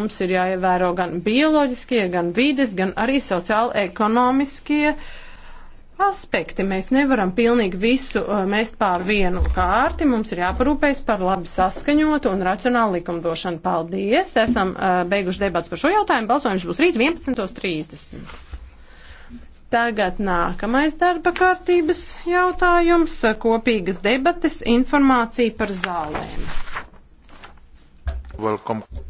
mums ir jāievēro gan bioloģiskie, gan vides, gan arī sociāli-ekonomiskie aspekti. Mēs nevaram pilnīgi visu uh, mest pār vienu kārti. Mums ir jāparūpējas par labi saskaņotu un racionālu likumdošanu. Paldies! Esam uh, beiguši debats par šo jautājumu. Balsojums būs rīt 11.30. Tagad nākamais darba kārtības jautājums - kopīgas debates informācija par zālēm. Welcome.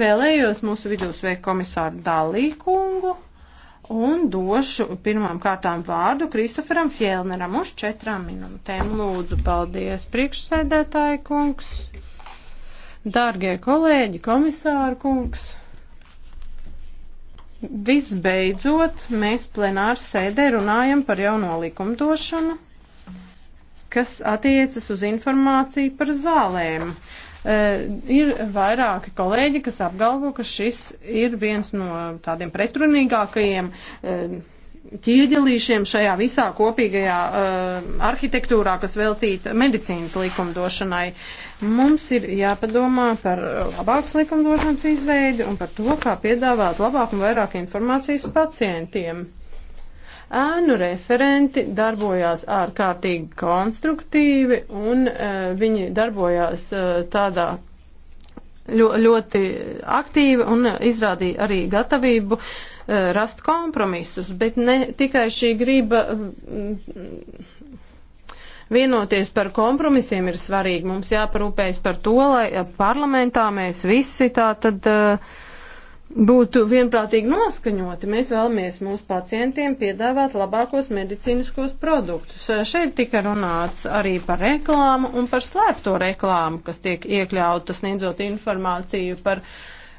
Vēlējos mūsu vidū sveikt komisāru Dalīkungu un došu pirmām kārtām vārdu Kristoferam Fjellneram uz četrām minūtēm. Lūdzu, paldies, priekšsēdētāji kungs, dārgie kolēģi, komisāru kungs. Visbeidzot, mēs plenārs sēdē runājam par jauno likumdošanu, kas attiecas uz informāciju par zālēm. Uh, E, ir vairāki kolēģi, kas apgalvo, ka šis ir viens no tādiem pretrunīgākajiem e, ķieģelīšiem šajā visā kopīgajā uh, arhitektūrā, kas veltīta medicīnas likumdošanai. Mums ir jāpadomā par labākas likumdošanas izveidi un par to, kā piedāvāt labāk un vairāk informācijas pacientiem. Ēnu referenti darbojās ārkārtīgi konstruktīvi un uh, viņi darbojās uh, tādā ļo, ļoti aktīvi un izrādīja arī gatavību uh, rast kompromisus, bet ne tikai šī griba. Uh, vienoties par kompromisiem ir svarīgi. Mums jāparūpējas par to, lai parlamentā mēs visi tā tad. Uh, būtu vienprātīgi noskaņoti. Mēs vēlamies mūsu pacientiem piedāvāt labākos medicīniskos produktus. Šeit tika runāts arī par reklāmu un par slēpto reklāmu, kas tiek iekļauta sniedzot informāciju par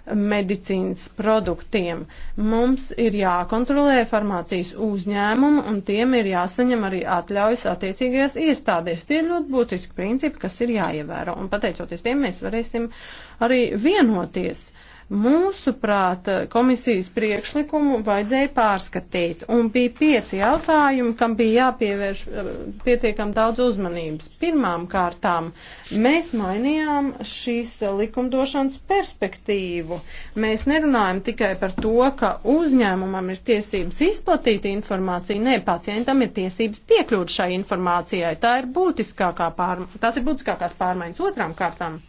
medicīnas produktiem. Mums ir jākontrolē farmācijas uzņēmumu un tiem ir jāsaņem arī atļaujas attiecīgajās iestādēs. Tie ir ļoti būtiski principi, kas ir jāievēro. Un pateicoties tiem, mēs varēsim arī vienoties. Uh, Mūsuprāt, komisijas priekšlikumu vajadzēja pārskatīt, un bija pieci jautājumi, kam bija jāpievērš eh, pietiekam daudz uzmanības. Pirmām kārtām mēs mainījām šīs likumdošanas perspektīvu. Mēs nerunājam tikai par to, ka uzņēmumam ir tiesības izplatīt informāciju, ne, pacientam ir tiesības piekļūt šai informācijai. Tā ir būtiskākā pārma, tās ir būtiskākās pārmaiņas otrām kārtām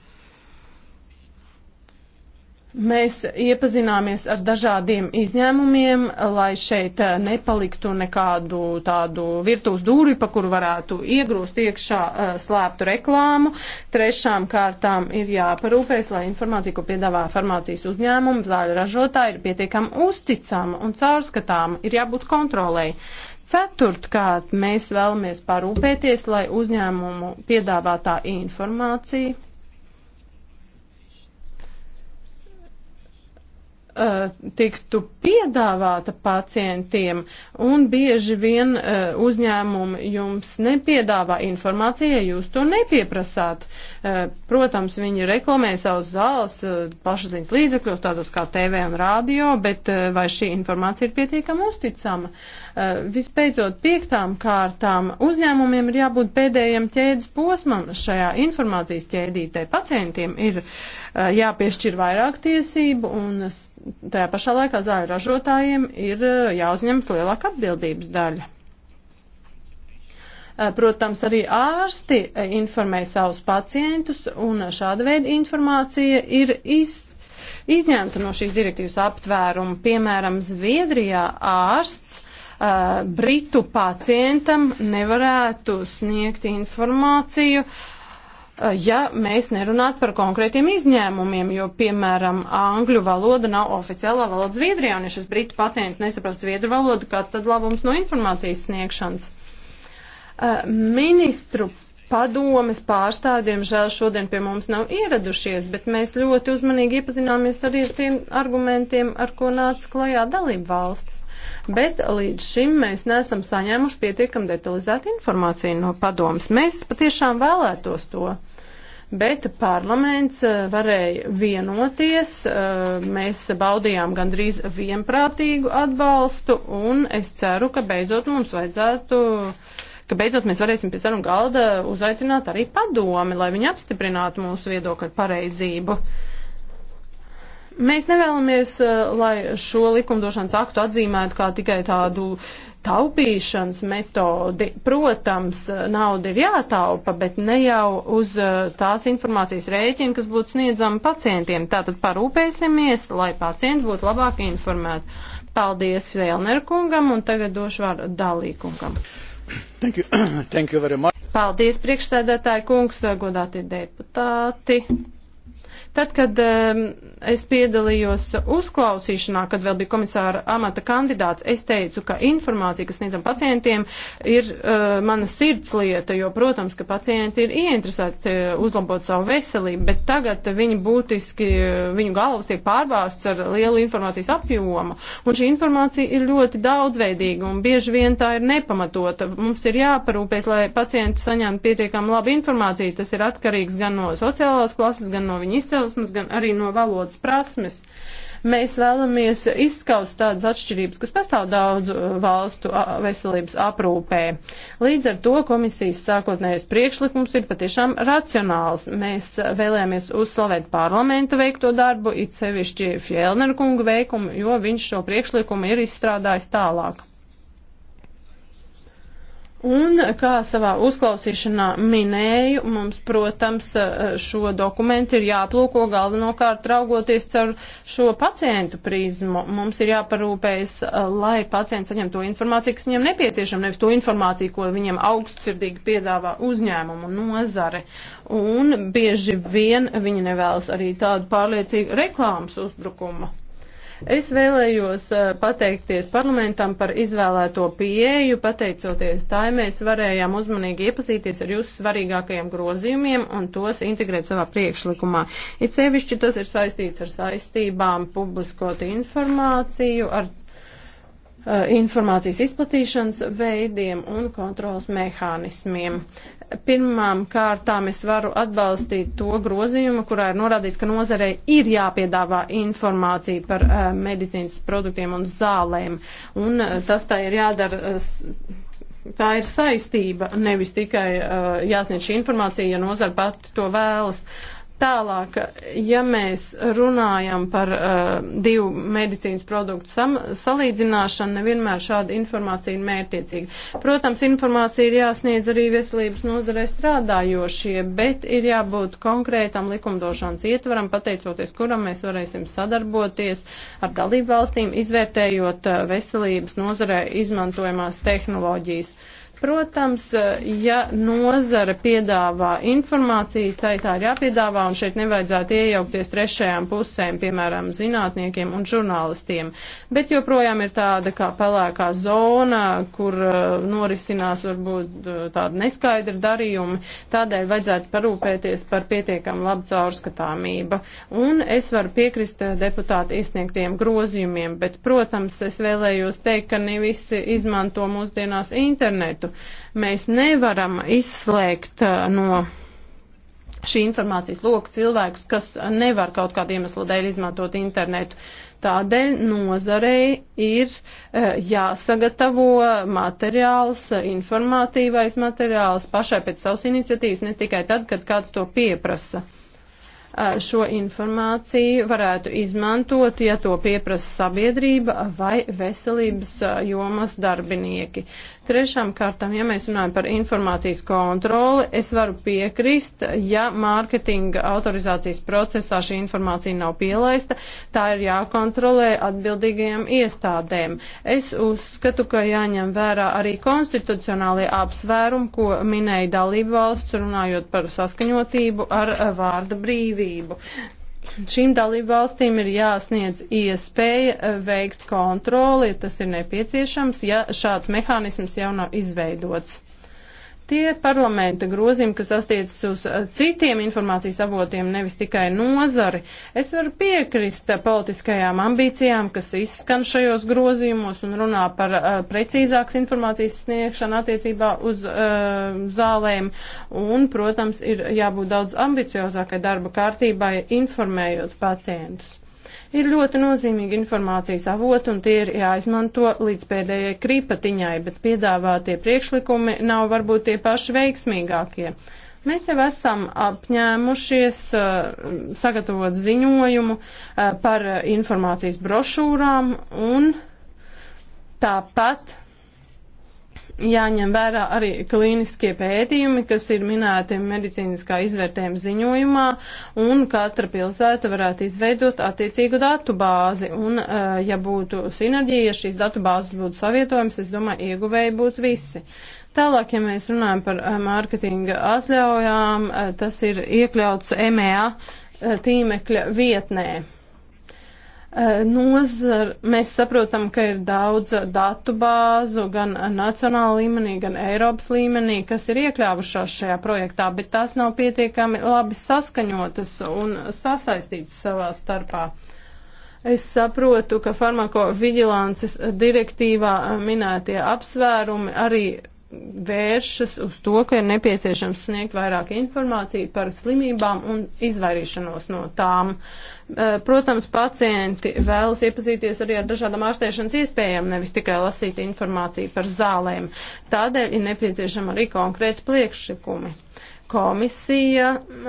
Mēs iepazināmies ar dažādiem izņēmumiem, lai šeit eh, nepaliktu nekādu tādu virtuves dūri, pa kuru varētu iegrūst iekšā eh, slēptu reklāmu. Trešām kārtām ir jāparūpēs, lai informācija, ko piedāvā farmācijas uzņēmumi, zāļu ražotāji, ir pietiekami uzticama un caurskatāma, ir jābūt kontrolēji. Ceturtkārt, mēs vēlamies parūpēties, lai uzņēmumu piedāvātā informācija Uh, tiktu piedāvāta pacientiem, un bieži vien uh, uzņēmumi jums nepiedāvā informāciju, ja jūs to nepieprasāt. Uh, protams, viņi reklamē savus zāles uh, plašsaziņas līdzekļos, tādos kā TV un rādio, bet uh, vai šī informācija ir pietiekama uzticama? Uh, vispēcot piektām kārtām, uzņēmumiem ir jābūt pēdējiem ķēdes posmam šajā informācijas ķēdītē. Pacientiem ir uh, jāpiešķir vairāk tiesību un tajā pašā laikā zāļu ražotājiem ir eh, jāuzņemas lielāka atbildības daļa. Eh, protams, arī ārsti eh, informē savus pacientus, un šāda veida informācija ir iz, izņemta no šīs direktīvas aptvērumu. Piemēram, Zviedrijā ārsts uh, Britu pacientam nevarētu sniegt informāciju uh, ja mēs nerunātu par konkrētiem izņēmumiem, jo, piemēram, angļu valoda nav oficiālā valoda Zviedrijā, un ja šis britu pacients nesaprast zviedru valodu, kāds tad labums no informācijas sniegšanas? Ministru padomes pārstāvji, diemžēl, šodien pie mums nav ieradušies, bet mēs ļoti uzmanīgi iepazināmies arī ar tiem argumentiem, ar ko nāca klajā dalību valsts bet līdz šim mēs neesam saņēmuši pietiekam detalizētu informāciju no padomas. Mēs patiešām vēlētos to. Bet parlaments eh, varēja vienoties, eh, mēs baudījām gandrīz vienprātīgu atbalstu, un es ceru, ka beidzot mums vajadzētu ka beidzot mēs varēsim pie sarunu galda uzaicināt arī padomi, lai viņi apstiprinātu mūsu viedokļu pareizību. Uh, Mēs nevēlamies, eh, lai šo likumdošanas aktu atzīmētu kā tikai tādu taupīšanas metodi. Protams, nauda ir jātaupa, bet ne jau uz eh, tās informācijas rēķina, kas būtu sniedzama pacientiem. Tātad parūpēsimies, lai pacienti būtu labāk informēti. Paldies Vēlner kungam un tagad došu vārdu Dalī kungam. Thank you. Thank you very much. Paldies priekšsēdētāji kungs, godāti deputāti. Tad, kad um, es piedalījos uzklausīšanā, kad vēl bija komisāra amata kandidāts, es teicu, ka informācija, kas sniedzam pacientiem, ir uh, mana sirds lieta, jo, protams, ka pacienti ir ieinteresēti eh, uzlabot savu veselību, bet tagad viņi būtiski, eh, viņu galvas tiek pārbāsts ar lielu informācijas apjomu, un šī informācija ir ļoti daudzveidīga, un bieži vien tā ir nepamatota. Mums ir jāparūpēs, lai pacienti saņemtu pietiekam labu informāciju, tas ir atkarīgs gan no sociālās klases, gan no viņa izcelsmes izcelsmes, gan arī no valodas prasmes. Mēs vēlamies izskaust tādas atšķirības, kas pastāv daudzu uh, valstu veselības aprūpē. Līdz ar to komisijas sākotnējais priekšlikums ir patiešām racionāls. Mēs uh, vēlējāmies uzslavēt parlamentu veikto darbu, it sevišķi Fjellner kungu veikumu, jo viņš šo priekšlikumu ir izstrādājis tālāk. Un, kā savā uzklausīšanā minēju, mums, protams, šo dokumentu ir jāplūko galvenokārt raugoties caur šo pacientu prizmu. Mums ir jāparūpējas, lai pacients saņem to informāciju, kas viņam nepieciešama, nevis to informāciju, ko viņam augstsirdīgi piedāvā uzņēmumu nozare. Un bieži vien viņi nevēlas arī tādu pārliecīgu reklāmas uzbrukumu. Es vēlējos eh, pateikties parlamentam par izvēlēto pieeju, pateicoties tai mēs varējām uzmanīgi iepazīties ar jūsu svarīgākajiem grozījumiem un tos integrēt savā priekšlikumā. It sevišķi tas ir saistīts ar saistībām publiskot informāciju, ar eh, informācijas izplatīšanas veidiem un kontrolas mehānismiem. Pirmām kārtām es varu atbalstīt to grozījumu, kurā ir norādīts, ka nozarei ir jāpiedāvā informācija par uh, medicīnas produktiem un zālēm. Un uh, tas tā ir jādara. Uh, tā ir saistība, nevis tikai uh, jāsniedz šī informācija, ja nozara pati to vēlas. Uh, Tālāk, ja mēs runājam par uh, divu medicīnas produktu sam, salīdzināšanu, nevienmēr šāda informācija ir mērķiecīga. Protams, informācija ir jāsniedz arī veselības nozarē strādājošie, bet ir jābūt konkrētam likumdošanas ietvaram, pateicoties kuram mēs varēsim sadarboties ar dalību valstīm, izvērtējot uh, veselības nozarē izmantojamās tehnoloģijas. Uh, Protams, eh, ja nozara piedāvā informāciju, tai tā ir jāpiedāvā, un šeit nevajadzētu iejaukties trešajām pusēm, piemēram, zinātniekiem un žurnālistiem. Bet joprojām ir tāda kā pelēkā zona, kur eh, norisinās varbūt eh, tāda neskaidra darījumi, tādēļ vajadzētu parūpēties par pietiekam labu caurskatāmību. Un es varu piekrist deputāti iesniegtiem grozījumiem, bet, protams, es vēlējos teikt, ka ne visi izmanto mūsdienās internetu. Mēs nevaram izslēgt uh, no šī informācijas loka cilvēkus, kas nevar kaut kādu iemeslu dēļ izmantot internetu. Tādēļ nozarei ir uh, jāsagatavo materiāls, informatīvais materiāls pašai pēc savas iniciatīvas, ne tikai tad, kad kāds to pieprasa. Uh, šo informāciju varētu izmantot, ja to pieprasa sabiedrība vai veselības jomas darbinieki. Uh, Trešām kārtām, ja mēs runājam par informācijas kontroli, es varu piekrist, ja mārketinga autorizācijas procesā šī informācija nav pielaista, tā ir jākontrolē atbildīgajām iestādēm. Es uzskatu, ka jāņem vērā arī konstitucionālie apsvērumi, ko minēja dalību valsts, runājot par saskaņotību ar eh, vārda brīvību. Šīm dalībvalstīm ir jāsniedz iespēja eh, veikt kontroli, tas ir nepieciešams, ja šāds mehānisms jau nav izveidots. Tie parlamenta grozījumi, kas attiecas uz uh, citiem informācijas avotiem, nevis tikai nozari, es varu piekrist uh, politiskajām ambīcijām, kas izskan šajos grozījumos un runā par uh, precīzāks informācijas sniegšanu attiecībā uz uh, zālēm. Un, protams, ir jābūt daudz ambiciozākai darba kārtībai informējot pacientus ir ļoti nozīmīgi informācijas avoti un tie ir jāizmanto līdz pēdējai kripatiņai, bet piedāvātie priekšlikumi nav varbūt tie paši veiksmīgākie. Mēs jau esam apņēmušies eh, sagatavot ziņojumu eh, par informācijas brošūrām un tāpat jāņem vērā arī klīniskie pētījumi, kas ir minēti medicīniskā izvērtējuma ziņojumā, un katra pilsēta varētu izveidot attiecīgu datu bāzi. Un, eh, ja būtu sinerģija, ja šīs datu bāzes būtu savietojums, es domāju, ieguvēji būtu visi. Tālāk, ja mēs runājam par eh, mārketinga atļaujām, eh, tas ir iekļauts MEA tīmekļa vietnē. Eh, nozar, mēs saprotam, ka ir daudz datu bāzu gan nacionāla līmenī, gan Eiropas līmenī, kas ir iekļāvušās šajā projektā, bet tās nav pietiekami labi saskaņotas un sasaistītas savā starpā. Es saprotu, ka farmakoviģilances direktīvā minētie apsvērumi arī vēršas uz to, ka ir nepieciešams sniegt vairāk informāciju par slimībām un izvairīšanos no tām. Eh, protams, pacienti vēlas iepazīties arī ar dažādām ārstēšanas iespējām, nevis tikai lasīt informāciju par zālēm. Tādēļ ir nepieciešama arī konkrēti priekšlikumi. Uh, komisija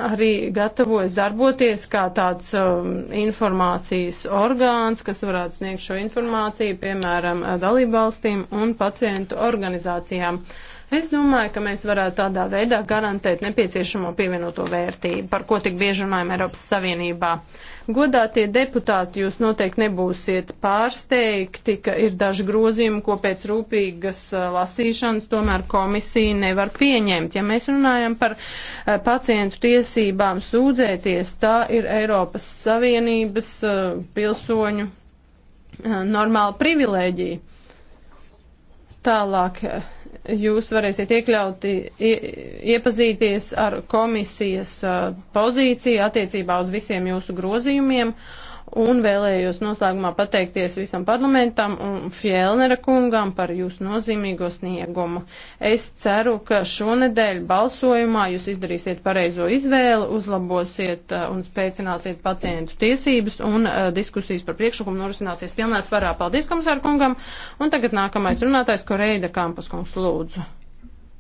arī gatavojas darboties kā tāds um, informācijas orgāns, kas varētu sniegt šo informāciju, piemēram, dalībvalstīm un pacientu organizācijām. Uh, Es domāju, ka mēs varētu tādā veidā garantēt nepieciešamo pievienoto vērtību, par ko tik bieži runājam Eiropas Savienībā. Godātie deputāti, jūs noteikti nebūsiet pārsteigti, ka ir daži grozījumi, ko pēc rūpīgas lasīšanas tomēr komisija nevar pieņemt. Ja mēs runājam par pacientu tiesībām sūdzēties, tā ir Eiropas Savienības pilsoņu normāla privilēģija. Tālāk jūs varēsiet iekļauti, ie, iepazīties ar komisijas uh, pozīciju attiecībā uz visiem jūsu grozījumiem. Uh, un vēlējos noslēgumā pateikties visam parlamentam un Fjellnera kungam par jūsu nozīmīgo sniegumu. Es ceru, ka šonedēļ balsojumā jūs izdarīsiet pareizo izvēli, uzlabosiet eh, un spēcināsiet pacientu tiesības un uh, diskusijas par priekšlikumu norisināsies pilnā spārā. Paldies komisāru kungam! Un tagad nākamais runātājs Koreida Kampus kungs lūdzu.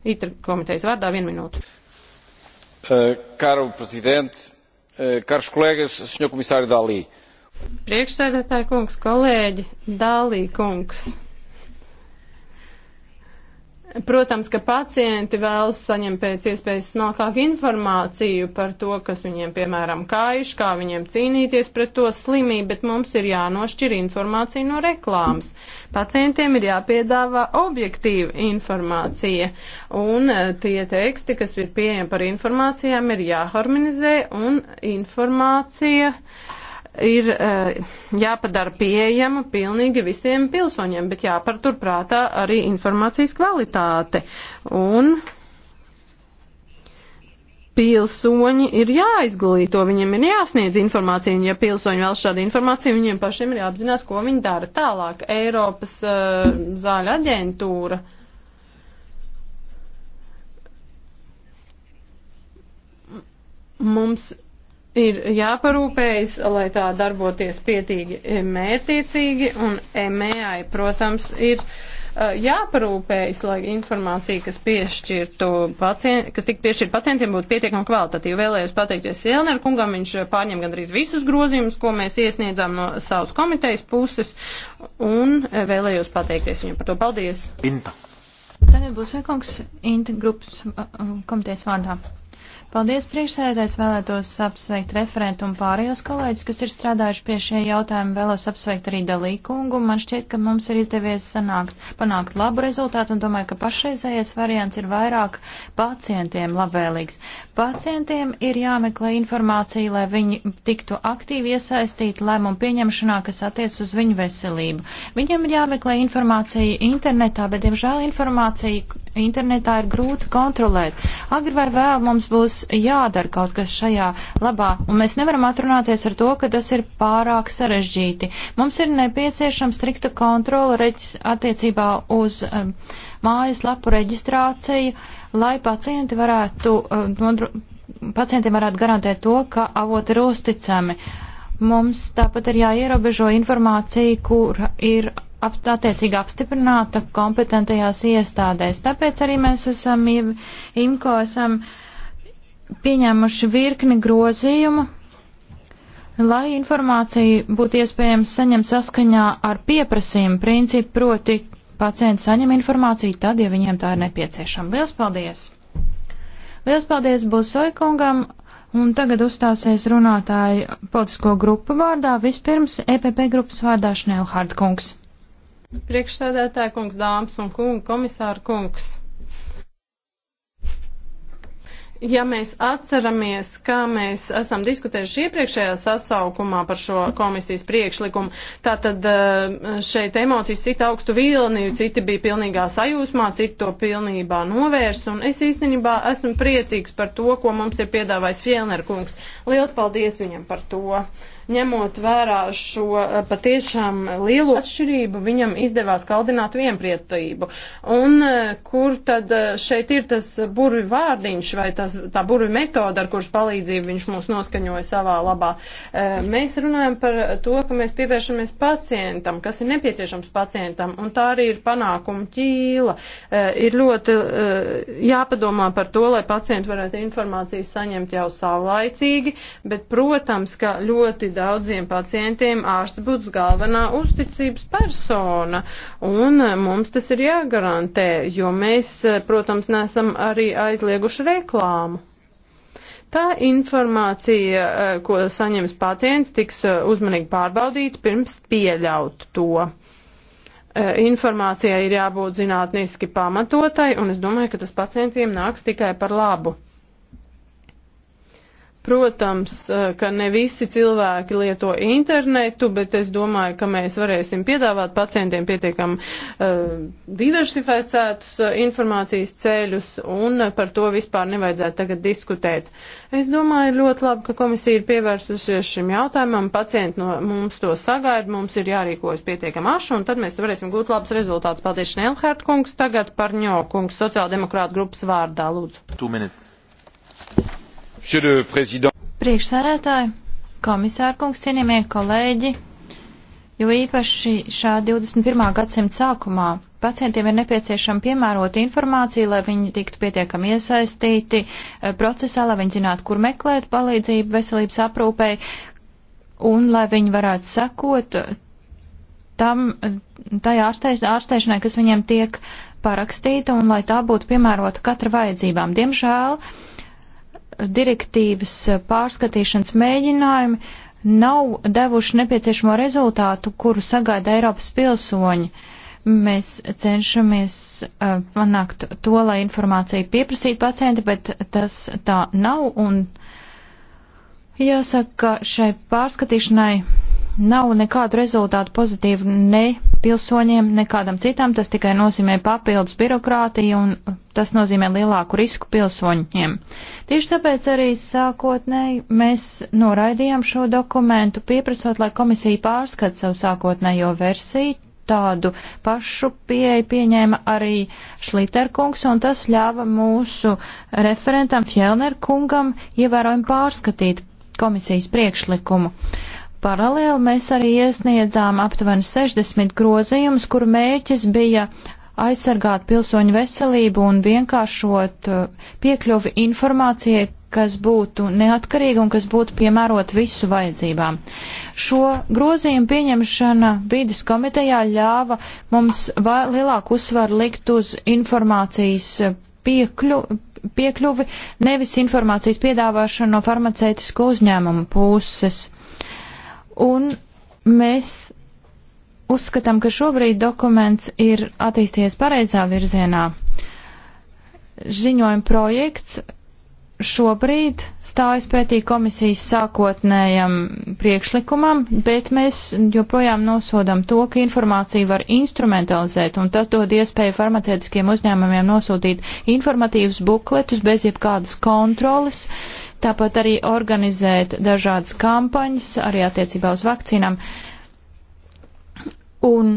Itra komitejas vārdā vienu minūtu. Uh, eh, karu prezident, uh, karš kolēgas, senjor komisāri Dalī. Uh, Priekšsēdētāji kungs, kolēģi, Dālī kungs. Protams, ka pacienti vēlas saņemt pēc iespējas smalkāku informāciju par to, kas viņiem, piemēram, kājuš, kā viņiem cīnīties pret to slimību, bet mums ir jānošķir informācija no reklāmas. Pacientiem ir jāpiedāvā objektīva informācija, un eh, tie teksti, kas ir pieejami par informācijām, ir jāharmonizē, un informācija. Uh, ir eh, jāpadara pieejama pilnīgi visiem pilsoņiem, bet jāpartur prātā arī informācijas kvalitāte. Un pilsoņi ir jāizglīto, viņiem ir jāsniedz informācija, un ja pilsoņi vēl šādu informāciju, viņiem pašiem ir jāapzinās, ko viņi dara tālāk. Eiropas uh, eh, zāļa aģentūra. Mums ir jāparūpējas, lai tā darboties pietīgi mērtiecīgi, un e MEI, protams, ir uh, jāparūpējas, lai informācija, kas, pacient, kas tik piešķirt pacientiem, būtu pietiekami kvalitatīva. Vēlējos pateikties Jelner kungam, viņš uh, pārņem gandrīz visus grozījumus, ko mēs iesniedzām no savas komitejas puses, un uh, vēlējos pateikties viņam par to. Paldies! Inta. Tagad būs Ekongs Inta grupas komitejas vārdā. Paldies, priekšsēdētājs, vēlētos apsveikt referentu un pārējos kolēģis, kas ir strādājuši pie šie jautājumi, vēlos apsveikt arī dalīkungu. Man šķiet, ka mums ir izdevies sanākt, panākt labu rezultātu un domāju, ka pašreizējais variants ir vairāk pacientiem labvēlīgs. Pacientiem ir jāmeklē informācija, lai viņi tiktu aktīvi iesaistīti lēmumu pieņemšanā, kas attiec uz viņu veselību. Viņiem ir jāmeklē informācija internetā, bet, diemžēl, informācija internetā ir grūti kontrolēt. Agri vai vēl mums būs jādara kaut kas šajā labā, un mēs nevaram atrunāties ar to, ka tas ir pārāk sarežģīti. Mums ir nepieciešama strikta kontrola attiecībā uz um, mājas lapu reģistrāciju, lai pacienti varētu, um, nodru, pacientiem varētu garantēt to, ka avoti ir uzticami. Mums tāpat ir jāierobežo informācija, kur ir ap, attiecīgi apstiprināta kompetentajās iestādēs. Tāpēc arī mēs esam, IMCO esam uh, pieņēmuši virkni grozījumu, lai informāciju būtu iespējams saņemt saskaņā ar pieprasījumu principu, proti pacienti saņem informāciju tad, ja viņiem tā ir nepieciešama. Lielas paldies! Lielas paldies Busoikungam! Un tagad uzstāsies runātāji politisko grupu vārdā, vispirms EPP grupas vārdā Šnēlhārd kungs. Priekšsēdētāji kungs, dāmas un kungi, komisāra kungs ja mēs atceramies, kā mēs esam diskutējuši iepriekšējā sasaukumā par šo komisijas priekšlikumu, tā tad eh, šeit emocijas cita augstu vilni, citi bija pilnīgā sajūsmā, citi to pilnībā novērs, un es īstenībā esmu priecīgs par to, ko mums ir piedāvājis Fielner kungs. Liels paldies viņam par to! ņemot vērā šo eh, patiešām lielo atšķirību, viņam izdevās kaldināt vienprietību. Un eh, kur tad eh, šeit ir tas burvi vārdiņš vai tas, tā burvi metoda, ar kuras palīdzību viņš mūs noskaņoja savā labā? Mēs runājam par to, ka mēs pievēršamies pacientam, kas ir nepieciešams pacientam, un tā arī ir panākuma ķīla. Ir ļoti jāpadomā par to, lai pacienti varētu informāciju saņemt jau saulaicīgi, bet, protams, ka ļoti daudziem pacientiem ārsts būtu galvenā uzticības persona, un mums tas ir jāgarantē, jo mēs, protams, nesam arī aizlieguši reklāmu. Tā informācija, ko saņems pacients, tiks eh, uzmanīgi pārbaudīta pirms pieļaut to. Eh, informācijai ir jābūt zinātniski pamatotai, un es domāju, ka tas pacientiem nāks tikai par labu. Protams, eh, ka ne visi cilvēki lieto internetu, bet es domāju, ka mēs varēsim piedāvāt pacientiem pietiekam uh, diversificētus eh, informācijas ceļus, un par to vispār nevajadzētu tagad diskutēt. Es domāju, ļoti labi, ka komisija ir pievērsusies šim jautājumam, pacienti no mums to sagaida, mums ir jārīkojas pietiekam ašu, un tad mēs varēsim gūt labs rezultāts. Paldies, Šnelhērt kungs, tagad par ņo kungs sociāldemokrāta grupas vārdā, lūdzu. Two minutes. Priekšsēdētāji, komisārkungs, cienījamie kolēģi, jo īpaši šā 21. gadsimta sākumā pacientiem ir nepieciešama piemērota informācija, lai viņi tiktu pietiekami iesaistīti eh, procesā, lai viņi zinātu, kur meklēt palīdzību veselības aprūpei un lai viņi varētu sekot eh, tam, eh, tai ārstēšanai, kas viņiem tiek parakstīta un lai tā būtu piemērota katra vajadzībām. Diemžēl direktīvas eh, pārskatīšanas mēģinājumi nav devuši nepieciešamo rezultātu, kuru sagaida Eiropas pilsoņi. Mēs cenšamies uh, panākt to, lai informāciju pieprasītu pacienti, bet tas tā nav. Un jāsaka, ka šai pārskatīšanai nav nekādu rezultātu pozitīvu ne pilsoņiem, ne kādam citam. Tas tikai nozīmē papildus birokrātiju un tas nozīmē lielāku risku pilsoņiem. Tieši tāpēc arī sākotnēji mēs noraidījām šo dokumentu, pieprasot, lai komisija pārskat savu sākotnējo versiju. Tādu pašu pieeju pieņēma arī Šliterkungs, un tas ļāva mūsu referentam Fjellner kungam ievērojami pārskatīt komisijas priekšlikumu. Uh, Paralēli mēs arī iesniedzām aptuveni 60 grozījumus, kuru mērķis bija aizsargāt pilsoņu veselību un vienkāršot uh, piekļuvi informācijai, kas būtu neatkarīga un kas būtu piemērot visu vajadzībām. Šo grozījumu pieņemšana vīdes komitejā ļāva mums lielāku uzsvaru likt uz informācijas piekļu, piekļuvi, nevis informācijas piedāvāšanu no farmaceitisko uzņēmumu puses. Un mēs uzskatām, ka šobrīd dokuments ir attīstījies pareizā virzienā. Ziņojuma projekts šobrīd stājas pretī komisijas sākotnējam priekšlikumam, bet mēs joprojām nosodam to, ka informāciju var instrumentalizēt, un tas dod iespēju farmacētiskiem uzņēmumiem nosūtīt informatīvus bukletus bez jebkādas kontrolas, uh, tāpat arī organizēt dažādas kampaņas, arī attiecībā uz vakcīnām. Un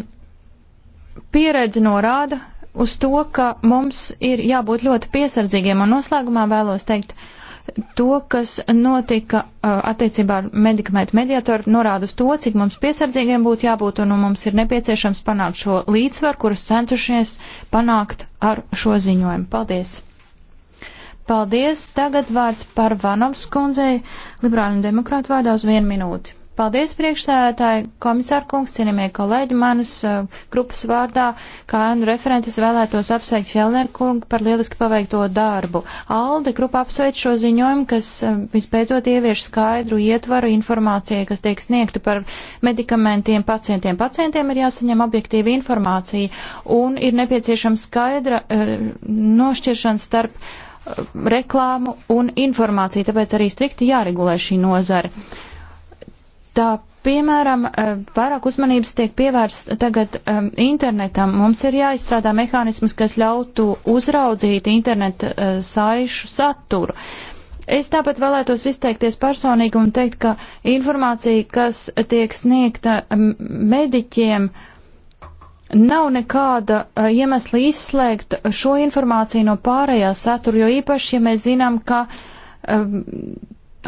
pieredze norāda uz to, ka mums ir jābūt ļoti piesardzīgiem, un noslēgumā vēlos teikt, to, kas notika uh, attiecībā ar medikamentu mediatoru, norāda uz to, cik mums piesardzīgiem būtu jābūt, un mums ir nepieciešams panākt šo līdzsvaru, kurus centušies panākt ar šo ziņojumu. Paldies! Paldies. Tagad vārds par Vanovs kundzei, liberāļu un demokrātu vārdā uz vienu minūti. Paldies priekšsēdētāji, komisāra kungs, cienījamie kolēģi manas uh, grupas vārdā, kā nu referentes vēlētos apsveikt Fjellner kungu par lieliski paveikto darbu. Alde grupa apsveic šo ziņojumu, kas uh, vispēcot ievieš skaidru ietvaru informācijai, kas tiek sniegta par medikamentiem pacientiem. Pacientiem ir jāsaņem objektīva informācija un ir nepieciešama skaidra uh, nošķiršana starp uh, reklāmu un informāciju, tāpēc arī strikti jāregulē šī nozara. Tā piemēram, eh, vairāk uzmanības tiek pievērsts tagad um, internetam. Mums ir jāizstrādā mehānisms, kas ļautu uzraudzīt interneta uh, eh, saišu saturu. Es tāpat vēlētos izteikties personīgi un teikt, ka informācija, kas tiek sniegta mediķiem, uh, Nav nekāda iemesla izslēgt šo informāciju no pārējā satura, jo īpaši, ja mēs zinām, ka um,